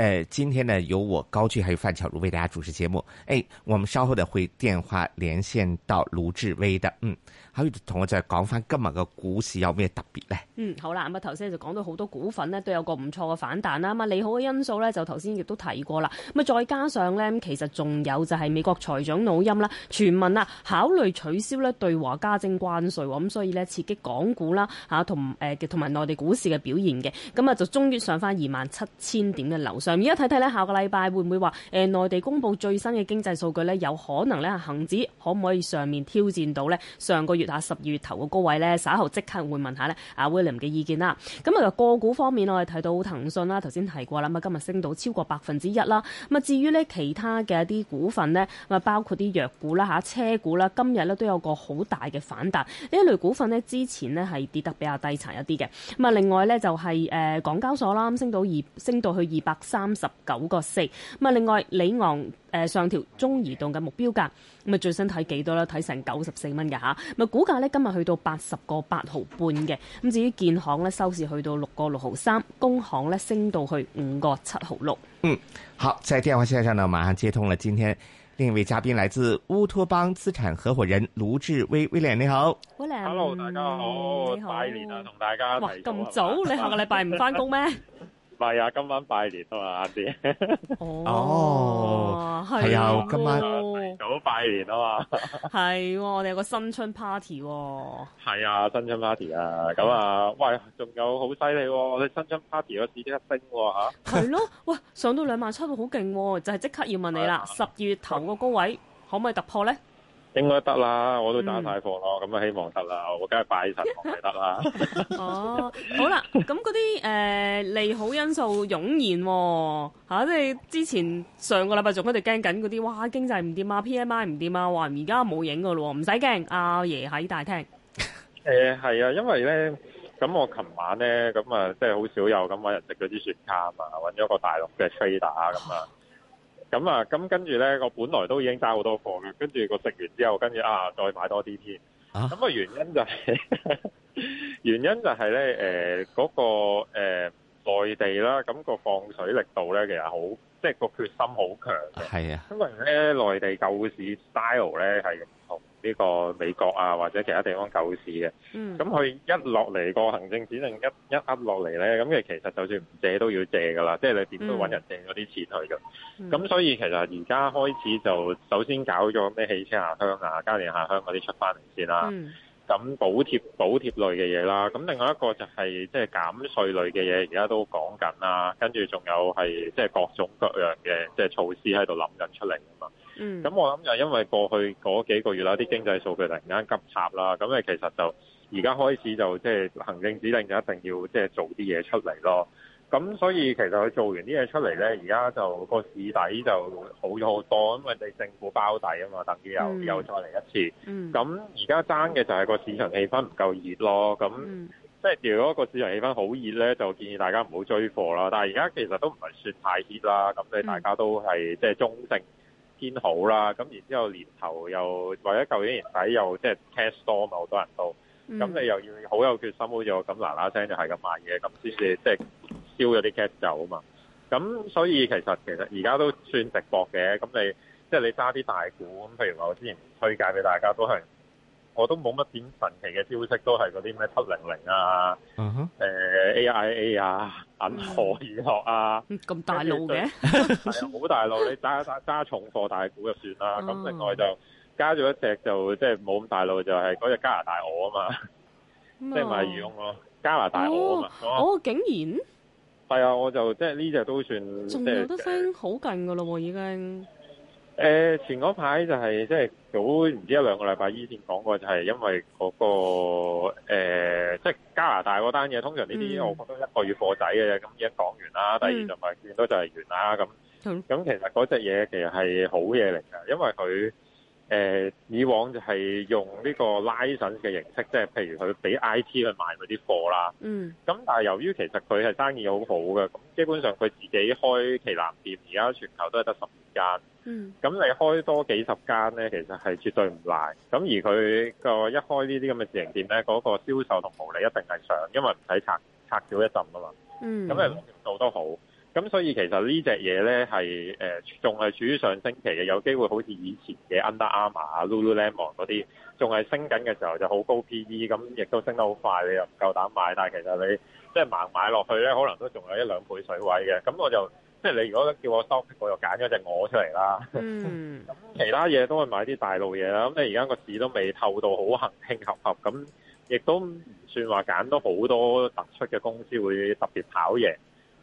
呃，今天呢，由我高俊還有范巧如為大家主持節目。哎，我們稍後呢會電話連線到盧志威的，嗯。可以同我就係講翻今日個股市有咩特別咧？嗯，好啦，咁啊頭先就講到好多股份呢都有個唔錯嘅反彈啦，咁啊利好嘅因素咧就頭先亦都提過啦。咁啊再加上咧，其實仲有就係美國財長腦音啦，傳聞啊考慮取消咧對華加徵關稅喎，咁所以咧刺激港股啦嚇同誒同埋內地股市嘅表現嘅。咁啊就終於上翻二萬七千點嘅樓上，而家睇睇咧下個禮拜會唔會話誒內地公布最新嘅經濟數據咧，有可能咧恆指可唔可以上面挑戰到咧上個月？月下十二月頭嘅高位咧，稍後即刻會問一下咧阿 William 嘅意見啦。咁啊個股方面，我哋睇到騰訊啦，頭先提過啦，咁啊今日升到超過百分之一啦。咁啊至於呢其他嘅一啲股份呢，咁啊包括啲藥股啦、嚇車股啦，今日咧都有個好大嘅反彈。呢一類股份呢，之前呢係跌得比較低殘一啲嘅。咁啊另外咧就係誒港交所啦，咁升到二升到去二百三十九個四。咁啊另外李昂。誒、呃，上調中移動嘅目標價，咁啊最新睇幾多咧？睇成九十四蚊嘅吓，咪、啊、股價咧今日去到八十個八毫半嘅，咁至於建行咧收市去到六個六毫三，工行咧升到去五個七毫六。嗯，好，在電話線上呢，馬上接通了。今天另一位嘉賓來自烏托邦資產合夥人盧志威，威廉你好，威廉，hello，大家好，拜好年啊，同大家哇，咁早，上你下個禮拜唔返工咩？ 拜呀、啊！今晚拜年啊嘛，阿姐？哦，係、 哦、啊，今晚早拜年啊嘛。係、 啊，我哋有個新春 party、啊。係 啊，新春 party 啊，咁啊，喂，仲有好犀利，我哋新春 party 個指針一升喎、啊、嚇。係咯、 啊，喂，上到兩萬七喎，好勁喎！就係、是、即刻要問你啦，十二 月頭個高位可唔可以突破咧？應該得啦，我都打大貨咯，咁啊、嗯、希望得啦，我梗係拜神係得啦。哦，好啦，咁嗰啲誒利好因素湧現，吓即係之前上個禮拜仲一直驚緊嗰啲，哇，經濟唔掂啊，P M I 唔掂啊，話而家冇影噶咯，唔使驚，阿爺喺大廳。誒，係啊，因為咧，咁我琴晚咧，咁啊，即係好少有咁搵人食嗰啲雪茄啊，搵咗個大陸嘅 trader 咁啊。咁啊，咁跟住咧，我本來都已經揸好多貨嘅，跟住個食完之後，跟住啊，再買多啲添。咁啊個原、就是呵呵，原因就係、是，原因就係咧，嗰、那個誒內、呃、地啦，咁、那個放水力度咧，其實好，即係個決心好強嘅。係啊的，因為咧內地救市 style 咧係。呢個美國啊，或者其他地方救市嘅？咁佢、嗯、一落嚟個行政指令一一噏落嚟咧，咁其實就算唔借都要借噶啦。嗯、即係你點都揾人借嗰啲錢去嘅。咁、嗯、所以其實而家開始就首先搞咗咩汽車下鄉啊、家電下鄉嗰啲出翻嚟先啦。咁、嗯、補貼補貼類嘅嘢啦，咁另外一個就係即係減稅類嘅嘢、啊，而家都講緊啦。跟住仲有係即係各種各樣嘅即係措施喺度諗緊出嚟啊嘛。嗯，咁我諗就因為過去嗰幾個月啦，啲經濟數據突然間急插啦，咁誒其實就而家開始就即係行政指令就一定要即係做啲嘢出嚟咯。咁所以其實佢做完啲嘢出嚟咧，而家就個市底就好咗好多，因為政府包底啊嘛，等於又又再嚟一次。咁而家爭嘅就係個市場氣氛唔夠熱咯。咁即係如果個市場氣氛好熱咧，就建議大家唔好追貨啦。但係而家其實都唔係雪太熱啦，咁所以大家都係即係中性。偏好啦，咁然之後年頭又或者舊年年底又即係 cash 多嘛，好多人都，咁你又要好有決心，好似我咁嗱嗱聲就係咁買嘢，咁先至即係燒咗啲 cash 走啊嘛，咁所以其實其實而家都算值博嘅，咁你即係你揸啲大股，咁譬如話我之前推介俾大家都係。我都冇乜點神奇嘅消息，都係嗰啲咩七零零啊，誒 AIA 啊，銀河娛樂啊，咁大路嘅，係啊，好大路。你揸揸重貨大股就算啦，咁另外就加咗一隻就即係冇咁大路，就係嗰隻加拿大鵝啊嘛，即係賣羽絨咯，加拿大鵝啊嘛。哦，竟然係啊！我就即係呢隻都算，仲有得升好勁噶咯喎已經。誒，前嗰排就係即係。早唔知一兩個禮拜之前講過，就係因為嗰、那個、欸、即係加拿大嗰單嘢。通常呢啲，我覺得一個月貨仔嘅，咁、嗯、一講完啦、啊，第二就咪見到就係完啦、啊。咁咁、嗯、其實嗰隻嘢其實係好嘢嚟㗎，因為佢。誒以往就係用呢個 license 嘅形式，即係譬如佢俾 I T 去買嗰啲貨啦。嗯。咁但係由於其實佢係生意好好嘅，咁基本上佢自己開旗艦店，而家全球都係得十二間。嗯。咁你開多幾十間咧，其實係絕對唔賴。咁而佢個一開呢啲咁嘅自營店咧，嗰個銷售同毛利一定係上，因為唔使拆，拆少一陣啊嘛。嗯。咁係度都好。咁所以其實呢隻嘢咧係誒仲係處於上升期嘅，有機會好似以前嘅 Under Armour 啊、Lululemon 嗰啲，仲係升緊嘅時候就好高 P/E，咁亦都升得好快，你又唔夠膽買，但係其實你即係盲買落去咧，可能都仲有一兩倍水位嘅。咁我就即係你如果叫我 stock，我又揀咗隻鵝出嚟啦。嗯。咁其他嘢都係買啲大路嘢啦。咁你而家個市都未透到好恒拼合合，咁亦都唔算話揀到好多突出嘅公司會特別跑贏。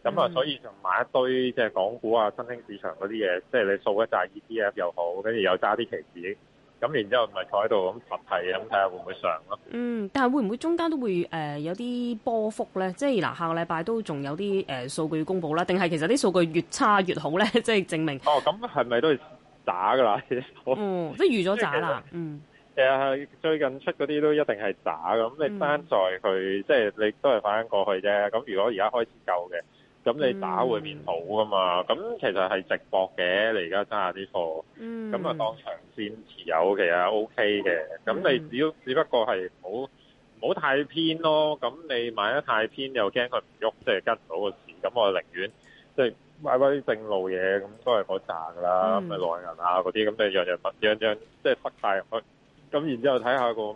咁啊，嗯嗯、所以就買一堆即係港股啊、新興市場嗰啲嘢，即係你掃一扎 ETF 又好，跟住又揸啲期指，咁然之後咪坐喺度咁伏睇咁睇下會唔會上咯？嗯，但係會唔會中間都會誒、呃、有啲波幅咧？即係嗱、呃，下個禮拜都仲有啲誒數據要公佈啦，定係其實啲數據越差越好咧？即係證明哦，咁係咪都係差㗎啦？嗯，即係預咗差啦。實嗯、呃，最近出嗰啲都一定係差咁，你單在佢、嗯、即係你都係反映過去啫。咁如果而家開始救嘅。咁你打會面好噶嘛？咁、嗯、其實係值博嘅，你而家揸下啲貨，咁啊、嗯、當長線持有其實 OK 嘅。咁、嗯、你只只不過係唔好唔好太偏咯。咁你買得太偏又驚佢唔喐，即、就、係、是、跟唔到個市咁我寧願即係、就是、買翻啲正路嘢，咁都係好揸噶啦。咁、嗯、啊內銀啊嗰啲，咁你樣樣忽樣樣即係忽太去咁然之後睇下、那個。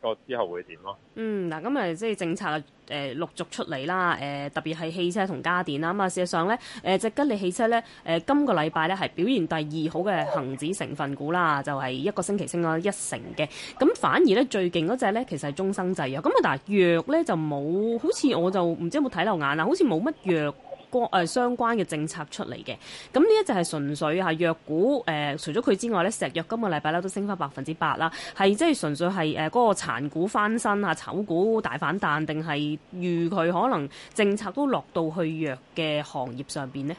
個之後會點咯，嗯呃呃？嗯，嗱，咁誒，即係政策誒陸續出嚟啦，誒特別係汽車同家電啊嘛。事實上咧，誒、呃、隻吉利汽車咧，誒、呃、今個禮拜咧係表現第二好嘅恒指成分股啦，就係、是、一個星期升咗一成嘅。咁、嗯、反而咧最勁嗰隻咧，其實係中生製藥。咁、嗯、啊，但係藥咧就冇，好似我就唔知有冇睇漏眼啊，好似冇乜藥。誒相關嘅政策出嚟嘅，咁呢一隻係純粹係藥股誒、呃，除咗佢之外咧，石藥今個禮拜咧都升翻百分之八啦，係即係純粹係誒嗰個殘股翻身啊，炒股大反彈定係預佢可能政策都落到去藥嘅行業上邊呢？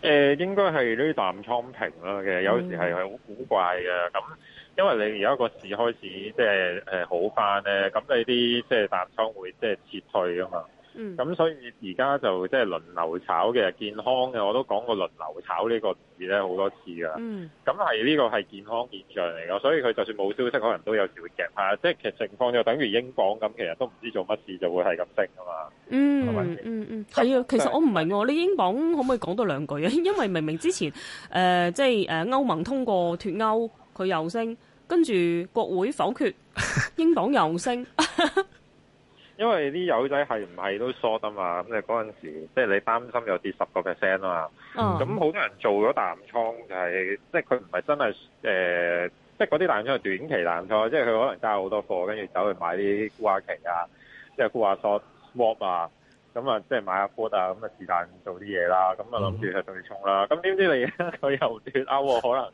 誒、呃，應該係啲淡倉平啦嘅，有時係係好古怪嘅。咁、嗯、因為你而家個市開始即係誒好翻咧，咁你啲即係淡倉會即係撤退啊嘛。嗯，咁所以而家就即係輪流炒嘅健康嘅，我都講過輪流炒呢個字咧好多次噶。嗯，咁係呢個係健康現象嚟㗎，所以佢就算冇消息，可能都有時會夾下。即係其實情況就等於英鎊咁，其實都唔知做乜事就會係咁升㗎嘛、嗯。嗯嗯嗯，係那啊，其實我唔明喎、啊，你英鎊可唔可以講多兩句啊？ 因為明明之前誒、呃、即係誒、呃、歐盟通過脱歐，佢又升，跟住國會否決，英鎊又升。 因為啲友仔係唔係都 short 啊嘛，咁你嗰陣時，即係你擔心有跌十個 percent 啊嘛，咁好、oh. 多人做咗淡倉就係、是，即係佢唔係真係、呃、即係嗰啲淡倉係短期淡倉，即係佢可能揸好多貨，跟住走去買啲沽亞期啊，即係沽亞 swap 呀，啊，咁啊即係買下 put 呀，啊，咁啊是但做啲嘢啦，咁啊諗住就去做啲對沖啦，咁點、oh. 知你佢又脱喎，可能，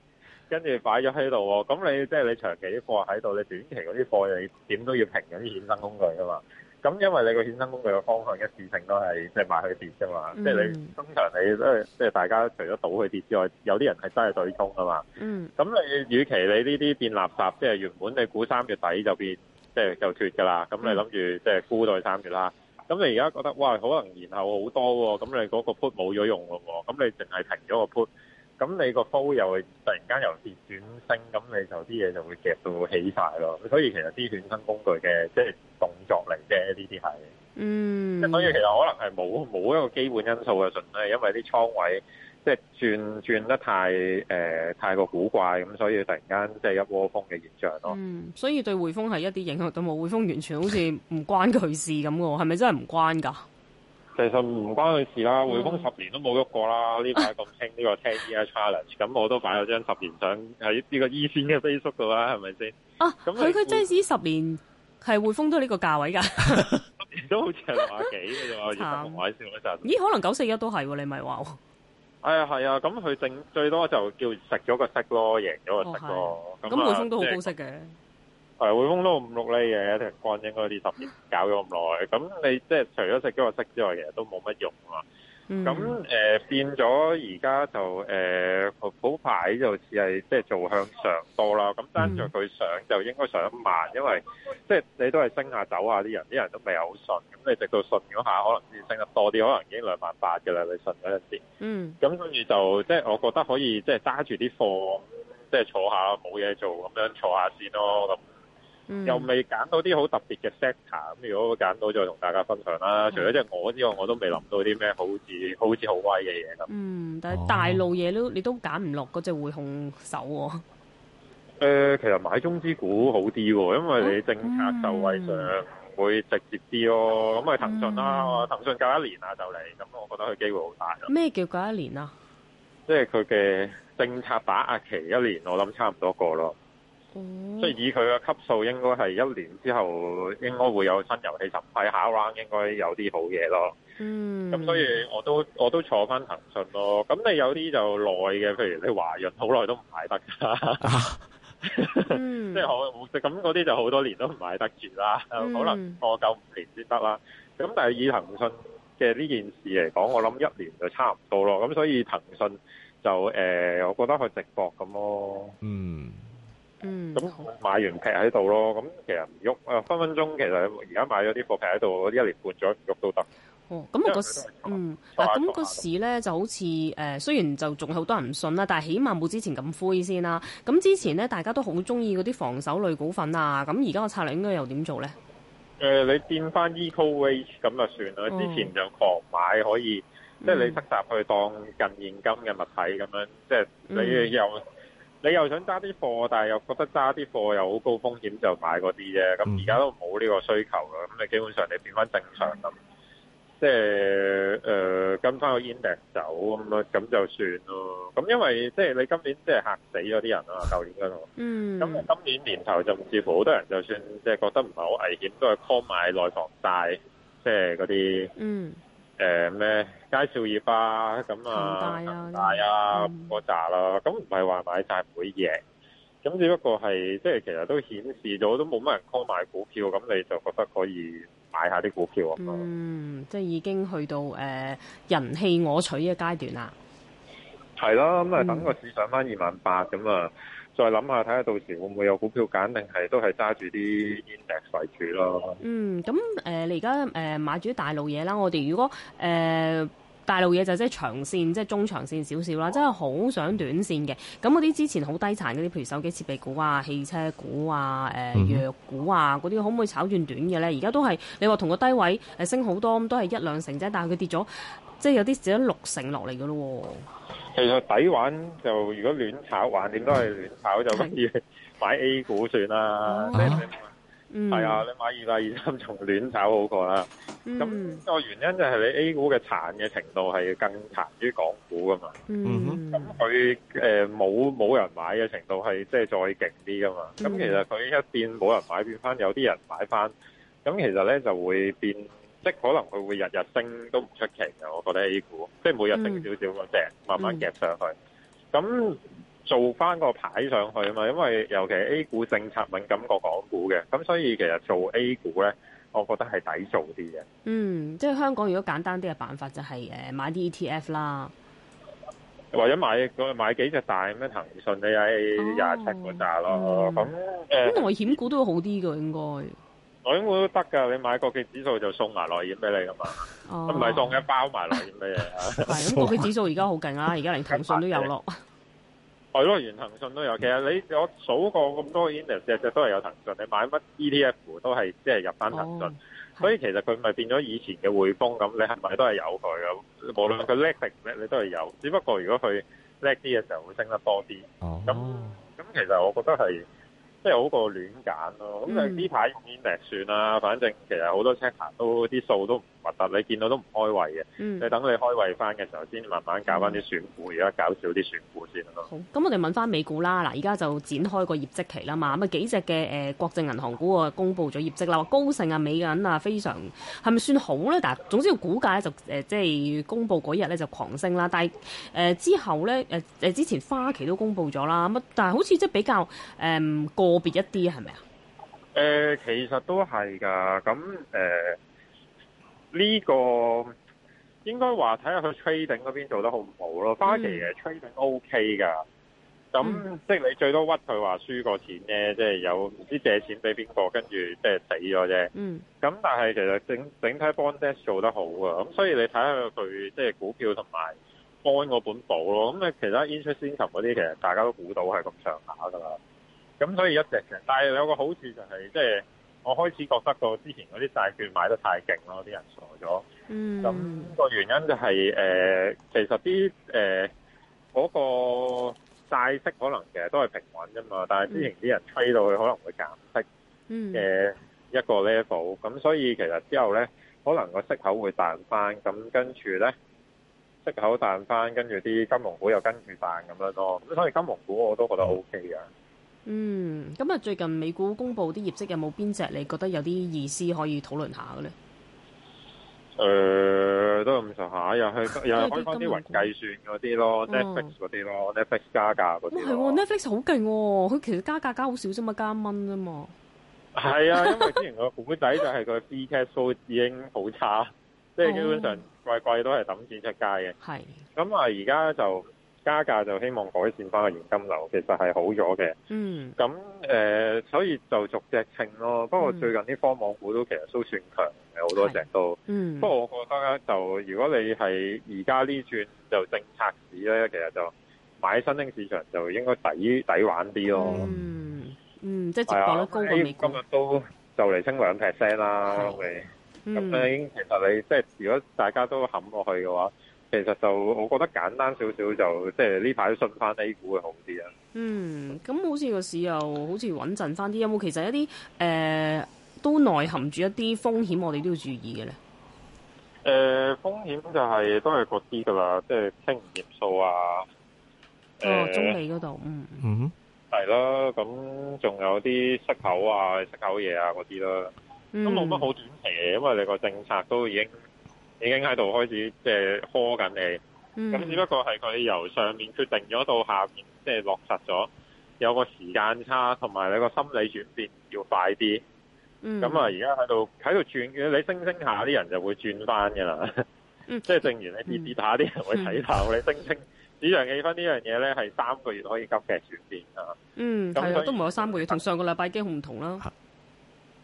跟住擺咗喺度，咁你即係你長期啲貨喺度，你短期嗰啲貨你點都要平緊啲衍生工具噶嘛。咁因為你個衍生工具嘅方向一致性都係即賣去跌㗎嘛，即係、嗯、你通常你都即係、就是、大家除咗賭佢跌之外，有啲人係真係對沖啊嘛。嗯。咁你與其你呢啲變垃圾，即、就、係、是、原本你估三月底就變即係就脫㗎啦，咁、嗯、你諗住即係沽到去三月啦。咁你而家覺得哇，可能然後好多喎，咁你嗰個 put 冇咗用咯喎，咁你淨係停咗個 put。咁你個煲又會突然間由跌轉升，咁你就啲嘢就會夾到起曬咯。所以其實啲轉身工具嘅即係動作嚟啫。呢啲係，嗯，所以其實可能係冇冇一個基本因素嘅，純粹係因為啲倉位即係轉轉得太、呃、太過古怪，咁所以突然間即係一窩蜂嘅現象咯。嗯，所以對匯豐係一啲影響都冇，匯豐完全好似唔 關佢事咁嘅，係咪真係唔關㗎？其實唔關佢事啦，匯豐十年都冇喐過啦。呢排咁興呢個 Ten-Year Challenge，咁我都擺咗張十年相喺呢個 E 先嘅 Facebook 度啦，係咪先？啊，咁佢佢真係知十年係匯豐都呢個價位噶，十年都好似係廿幾嘅啫喎，而唔係四萬十。咦？可能九四一都係喎，你咪話喎？係啊，係啊，咁佢剩最多就叫食咗個息咯，贏咗個息咯。咁匯豐都好高息嘅。係匯豐都五六釐嘅，其實光應該呢十年搞咗咁耐，咁你即係除咗食雞肉息之外，其實都冇乜用啊。咁誒、mm hmm. 呃、變咗而家就誒好排就似係即係做向上多啦。咁單著佢上、mm hmm. 就應該上得慢，因為即係你都係升下走下啲人，啲人都未有好信。咁你直到信咗下，可能先升得多啲，可能已經兩萬八嘅啦。你信咗一啲，嗯、mm，咁跟住就即係我覺得可以即係揸住啲貨，即係坐下冇嘢做咁樣坐下先咯。咁嗯、又未揀到啲好特別嘅 sector，咁如果揀到就同大家分享啦。是除咗即係我之外，我都未諗到啲咩好似好似好威嘅嘢咁。嗯，但係大路嘢都、哦、你都揀唔落嗰隻會控手喎、哦呃。其實買中資股好啲喎、哦，因為你政策就位上會直接啲咯、哦。咁、嗯、啊，嗯、騰訊啦，騰訊夠一年啦就嚟，咁我覺得佢機會好大。咩叫夠一年啊？即係佢嘅政策把握期一年，我諗差唔多過咯。即係、嗯、以佢嘅級數，應該係一年之後應該會有新遊戲審批，嗯、下 round 應該有啲好嘢咯。嗯，咁所以我都我都坐返騰訊咯。咁你有啲就耐嘅，譬如你華潤好耐都唔買得㗎，即係好咁嗰啲就好多年都唔買得住啦。嗯、 可能我夠五年先得啦。咁但係以騰訊嘅呢件事嚟講，我諗一年就差唔多咯。咁所以騰訊就誒、呃，我覺得佢直播咁咯。嗯。嗯，咁買完劈喺度咯，咁其實唔喐，啊分分鐘其實而家買咗啲貨劈喺度，一年半咗，唔喐都得。哦，咁我嗰時嗯，嗱、啊，咁個市咧就好似誒，雖然就仲好多人唔信啦，但係起碼冇之前咁灰先啦、啊。咁之前咧大家都好中意嗰啲防守類股份啊，咁而家個策略應該又點做咧？誒、呃，你變翻 equal weight 咁就算啦。嗯、之前就狂買可以，即、就、係、是、你得入去當近現金嘅物體咁樣，即、就、係、是、你又。嗯你又想揸啲貨，但係又覺得揸啲貨又好高風險，就買嗰啲啫。咁而家都冇呢個需求啦，咁你基本上你變翻正常咁，即係誒跟翻個 index 走咁咯，咁就算咯。咁因為即係、就是、你今年即係嚇死咗啲人啊嘛，舊年嗰度。嗯。咁你今年年頭就唔似乎好多人就算即係覺得唔係好危險，都係 call 買內房債，即係嗰啲。嗯。誒咩？佳兆、呃、業啊，咁啊，大啊，波炸啦，咁唔係話買晒唔會贏，咁只不過係即係其實都顯示咗都冇乜人 call 買股票，咁你就覺得可以買下啲股票咯。嗯，那麼 即係已經去到誒、呃、人氣我取嘅階段啦。係啦，咁啊等個市上翻二萬八咁啊。再諗下，睇下到時會唔會有股票揀，定係都係揸住啲 index 為主咯。嗯，咁誒、呃，你而家誒買住啲大路嘢啦。我哋如果誒、呃、大路嘢就即係長線，即、就、係、是、中長線少少啦。即係好想短線嘅。咁嗰啲之前好低殘嗰啲，譬如手機設備股啊、汽車股啊、誒、呃嗯、藥股啊嗰啲，可唔可以炒轉短嘅咧？而家都係你話同個低位升好多，咁都係一兩成啫。但係佢跌咗。即係有啲少咗六成落嚟噶咯，其實抵玩就如果亂炒玩，橫掂都係亂炒，就不如買 A 股算啦。係啊，你買二八二三仲亂炒好過啦。咁個、嗯、原因就係你 A 股嘅殘嘅程度係更殘於港股噶嘛。咁佢誒冇冇人買嘅程度係即係再勁啲噶嘛。咁、嗯、其實佢一變冇人買，變翻有啲人買翻，咁其實咧就會變。即可能佢會日日升都唔出奇嘅，我覺得 A 股，即係每日升少少嗰隻、嗯、慢慢夾上去。咁、嗯、做翻個牌上去啊嘛，因為尤其 A 股政策敏感過港股嘅，咁所以其實做 A 股咧，我覺得係抵做啲嘅。嗯，即係香港如果簡單啲嘅辦法就係、是、誒買啲 ETF 啦，或者買個買幾隻大咩騰訊，你廿七個咋咯咁。誒、哦，嗯、那內險股都會好啲嘅應該。我應該都得噶，你買國企指數就送埋內險俾你噶嘛，唔係送嘅，包埋內險嘅嘢。係，咁國企指數而家好勁啦，而家連騰訊都有落。係咯，連騰訊都有。其實你我數過咁多 index 隻隻都係有騰訊，你買乜 ETF 都係即係入翻騰訊。所以其實佢咪變咗以前嘅匯豐咁，你係咪都係有佢咁？無論佢叻定唔叻，你都係有。只不過如果佢叻啲嘅時候會升得多啲。哦。咁咁，其實我覺得係。即係好過亂揀咯，啊，咁就呢排用 i n 算啦。反正其實好多車牌都啲數都。核突，你見到都唔開胃嘅，嗯、你等你開胃翻嘅時候，先慢慢搞翻啲船股，而家、嗯、搞少啲船股先咯。好，咁我哋問翻美股啦。嗱，而家就展開個業績期啦嘛，咁啊幾隻嘅國際銀行股啊，公布咗業績啦，高盛啊、美銀啊，非常係咪算好咧？但係總之個股價就即係、就是、公布嗰日咧就狂升啦。但係、呃、之後咧之前花旗都公布咗啦，咁啊但係好似即係比較誒、呃、個別一啲係咪啊？其實都係㗎，咁誒。呃呢、這個應該話睇下佢 trading 嗰邊做得好唔好咯，花旗嘅、嗯、trading OK 噶，咁、嗯、即係你最多屈佢話輸個錢啫，即、就、係、是、有唔知借錢俾邊個，跟住即係死咗啫。嗯。咁但係其實整整體 bond desk 做得好啊，咁所以你睇下佢即係股票同埋 bond 嗰本簿咯，咁你其他 interest income 嗰啲其實大家都估到係咁上下噶啦，咁所以一隻嘅，但係有個好處就係、是、即係。我開始覺得個之前嗰啲債券買得太勁咯，啲人傻咗。嗯。咁個原因就係、是、誒、呃，其實啲誒嗰個債息可能其實都係平穩啫嘛，但係之前啲人吹到佢可能會減息嘅一個 level。咁、嗯、所以其實之後咧，可能個息口會彈翻，咁跟住咧息口彈翻，跟住啲金融股又跟住彈咁樣咯。咁所以金融股我都覺得 OK 嘅。嗯，咁啊，最近美股公佈啲業績有冇邊隻你覺得有啲意思可以討論下嘅呢？誒、呃，都咁上下，又係可以講啲雲計算嗰啲囉 Netflix 嗰啲囉。Netflix 加價嗰啲，哇係喎，Netflix 好勁喎，佢其實加價加好少啫嘛，加蚊啫嘛。係、嗯、啊，因為之前個妹妹仔就係個 B Cash 股收已經好差，即係 基本上季季都係抌錢出街嘅。係、哦啊。咁而家就。加價就希望改善翻個現金流，其實係好咗嘅。嗯，咁誒、呃，所以就逐隻清咯。嗯、不過最近啲科網股都其實都算強嘅，好多隻都。嗯。不過我覺得咧，就如果你係而家呢轉就政策市咧，其實就買新興市場就應該抵抵玩啲咯。嗯嗯，即係接高過美股，今日都就嚟升兩 percent 啦，咁咁是、嗯、其實你即係如果大家都冚落去嘅話。其實就我覺得簡單少少，就即係呢排都信返 A 股會好啲啊。嗯，咁好似個市又好似穩陣翻啲，有冇其實一啲誒、呃、都內含住一啲風險，我哋都要注意嘅咧？誒、呃，風險就係、是、都係嗰啲噶啦，即係清唔嚴肅啊。哦，中美嗰度，嗯嗯，係啦，咁仲有啲失口啊、食口嘢啊嗰啲啦，咁冇乜好短期嘅，因為你個政策都已經。已經喺度開始即係拖緊你，咁、嗯、只不過係佢由上面決定咗到下邊，即係落實咗有個時間差，同埋你個心理轉變要快啲。咁啊、嗯，而家喺度喺度轉，你升升下啲人就會轉翻嘅啦。嗯、即係正完你跌跌下啲、嗯、人會睇頭，你升升，市場氣氛呢樣嘢咧係三個月可以急劇轉變啊。嗯，係、嗯、都唔係三個月，同上個禮拜已經唔同啦。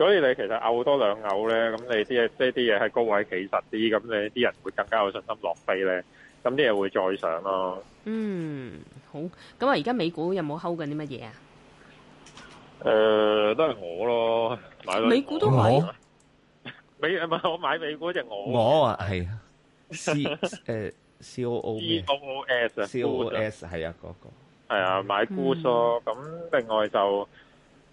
所以你其實拗多兩拗咧，咁你啲嘢，即係啲嘢喺高位企實啲，咁你啲人會更加有信心落飛咧，咁啲嘢會再上咯。嗯，好。咁啊，而家美股有冇睺緊啲乜嘢啊？誒，都係我咯，買啦。美股都係。美唔係我買美股隻我。我啊，係。C 誒，C O O。C O O S 啊。C O O S 係啊，嗰個。係啊，買沽疏。咁另外就。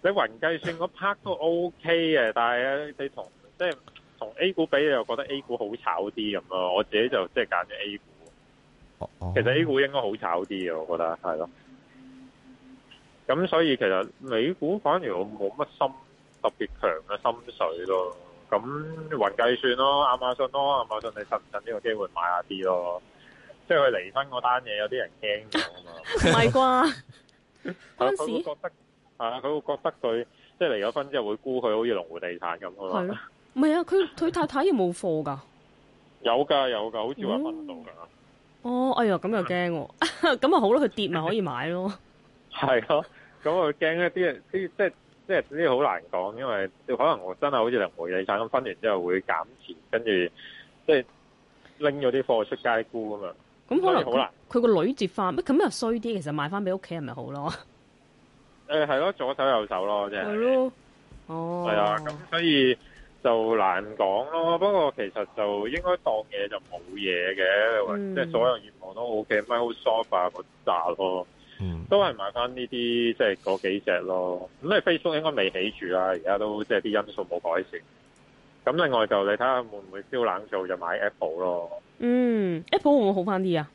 喺雲計算嗰 part 都 OK 嘅，但係咧你同即係同 A 股比，你又覺得 A 股好炒啲咁咯。我自己就即係揀咗 A 股，其實 A 股應該好炒啲嘅，我覺得係咯。咁所以其實美股反而我冇乜心，特別強嘅心水咯。咁雲計算咯，亞馬遜咯，亞馬遜你趁唔趁呢個機會買下啲咯。即係佢離婚嗰單嘢，有啲人驚咗啊嘛。唔係啩？嗰陣時覺得。係啊，佢會覺得佢即係離咗婚之後會沽佢，好似龍湖地產咁咯。係咯，唔係啊，佢佢太太又冇貨噶，有噶有噶，好做運動噶。哦，哎喲咁又驚，哦，咁 啊、嗯、 好咯，佢跌咪可以買咯。係咯， 咁啊驚一啲，啲即係即係呢啲好難講，因為可能我真係好似龍湖地產咁，分完之後會減錢，跟住即係拎咗啲貨出街沽咁啊。咁可能佢佢個女接翻，乜咁又衰啲？其實賣翻俾屋企人咪好咯。 誒，係咯、嗯，左手右手咯，即係。係咯、oh, oh。哦。係啊，咁所以就難講咯。不過其實就應該當嘢，就冇嘢嘅，即係所有業務都 OK。Microsoft 啊，嗰扎咯，mm. 都係買翻呢啲，即係嗰幾隻咯。咁你 Facebook 應該未起住啦，而家都即係啲因素冇改善。咁另外就你睇下會唔會超冷做就買 Apple 咯。嗯、mm.，Apple 會唔會好翻啲啊？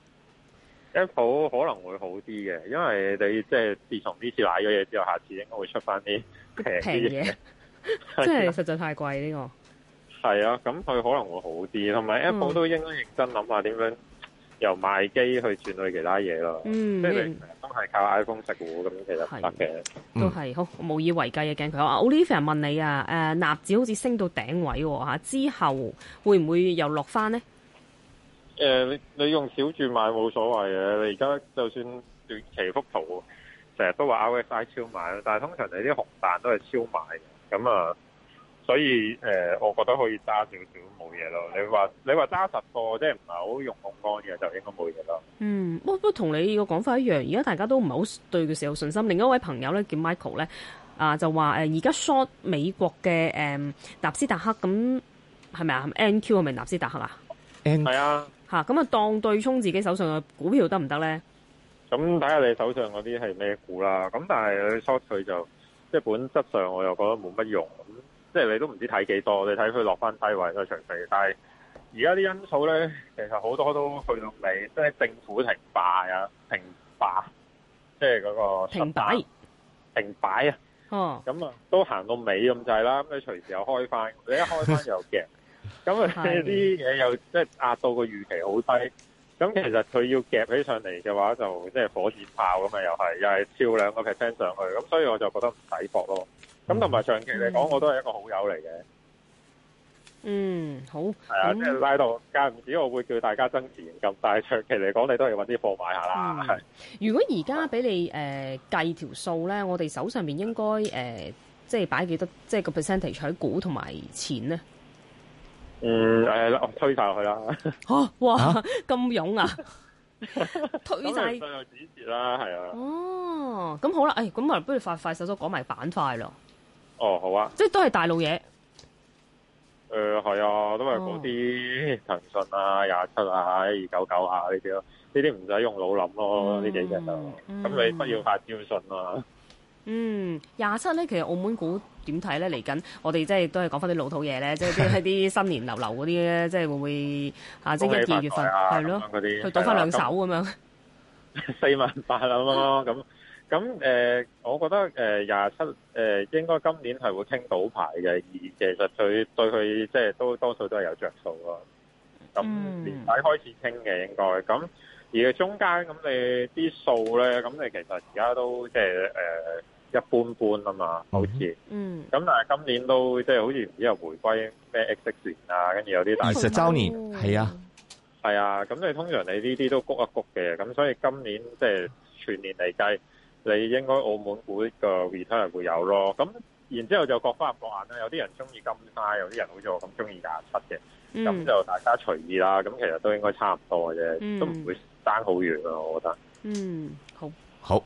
Apple 可能會好啲嘅，因為你即係自從呢次買咗嘢之後，下次應該會出翻啲平嘅嘢，即係實在太貴呢、呢個。係啊，咁佢可能會好啲，同埋 Apple、嗯、都應該認真諗下點樣由賣機去轉去其他嘢咯。嗯。嗯，即係你都係靠 iPhone 食糊咁，其實唔得嘅。都係好無以為繼嘅驚佢。Olive 人問你啊，誒、呃、納指好似升到頂位喎、啊，之後會唔會又落翻呢？誒，你、呃、你用小注買冇所謂嘅，你而家就算短期幅圖成日都話 RSI 超買，但係通常你啲紅彈都係超買嘅，咁啊，所以誒、呃，我覺得可以揸少少冇嘢咯。你話你話揸十個即係唔係好用槓桿嘅，就應該冇嘢咯。嗯，不過同你個講法一樣，而家大家都唔係好對個市有信心。另一位朋友咧叫 Michael 咧啊，就話誒而家 short 美國嘅誒納斯達克咁係咪啊？NQ 係咪納斯達克 N Q 啊？係啊。咁啊，就當對沖自己手上嘅股票得唔得咧？咁睇下你手上嗰啲係咩股啦。咁但係你 short 佢就即係本質上我又覺得冇乜用。咁即你都唔知睇幾多，你睇佢落翻低位都隨時。但係而家啲因素咧，其實好多都去到尾，即係政府停擺啊，停擺，即係嗰個停擺，停擺啊。哦、啊。咁啊、嗯，都行到尾咁滯啦。咁你隨時又開翻，你一開翻又跌。 咁啊，啲嘢、嗯、又即係壓到個預期好低，咁其實佢要夾起上嚟嘅話就，就即、是、係火箭炮啊嘛，又係又係跳兩個 percent 上去，咁所以我就覺得唔抵搏咯。咁同埋長期嚟講，嗯、我都係一個好友嚟嘅。嗯，好係啊，即是、嗯、拉到間唔止，我會叫大家增持咁，但係長期嚟講，你都係搵啲貨買下啦。係是如果而家俾你誒計條數咧，我哋手上邊應該誒即係擺幾多，即係個 percentage 喺股同埋錢咧？嗯，係推晒去啦。吓，哇，咁勇啊！ 推晒、就是。騰訊啦，係啊。哦，咁好啦，誒、哎，咁不如快快手都講埋板塊咯。哦，好啊。即係都係大路嘢。誒、呃，係啊，都係嗰啲騰訊啊、廿七啊、二九九啊呢啲咯，呢啲唔使用腦諗咯，呢幾隻就。咁你不要發招信啦。嗯嗯，廿七咧，其實澳門股點睇咧？嚟緊我哋即係都係講翻啲老土嘢咧，即係啲係啲新年流流嗰啲咧，即係會唔會嚇即係一二月份係咯，去賭翻兩手咁樣四萬八啦咯。咁咁誒，我覺得誒廿七誒應該今年係會傾賭牌嘅，而其實佢對佢即係都多數都係有着數咯。咁年底開始傾嘅應該咁，而中間咁你啲數咧，咁你其實而家都即係誒。一般般啊嘛，好似。嗯、mm，咁、hmm. 但係今年都即係、就是、好似唔知又回歸咩 X X 線啊，跟住有啲大。其實週年係啊，係啊，咁你通常你呢啲都谷一谷嘅，咁所以今年即係、就是、全年嚟計，你應該澳門股個 return 會有咯。咁然之後就各花入各眼啦，有啲人中意金沙，有啲人好似我咁中意廿七嘅，咁、mm hmm. 就大家隨意啦。咁其實都應該差唔多嘅啫，mm hmm. 都唔會爭好遠啊，我覺得。嗯、mm，hmm. 好。好。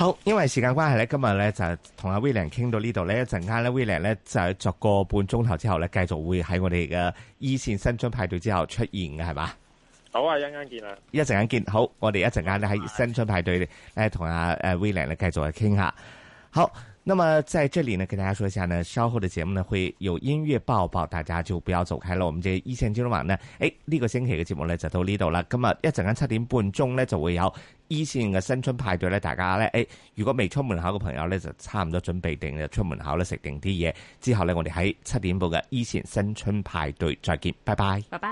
好，因為時間關係咧，今日咧就同阿 William 傾到呢度咧，一陣間咧 William 咧就作個半鐘頭之後咧，繼續會喺我哋嘅二線新春派對之後出現嘅係嘛？好啊，一陣間見啊！一陣間見，好，我哋一陣間咧喺新春派對誒，同阿誒 William 咧繼續去傾下，好。那麼在這裏呢，跟大家說一下呢，稍後的節目呢會有音樂爆爆，大家就不要走開了。我們這一線金融網呢，誒、哎，立、這個星期嘅節目呢就到呢度啦。咁啊，一陣間七點半鐘呢就會有一線嘅新春派對呢，大家呢誒、哎，如果未出門口嘅朋友呢就差唔多準備定就出門口呢，食定啲嘢，之後呢我哋喺七點半嘅一線新春派對再見，拜拜，拜拜。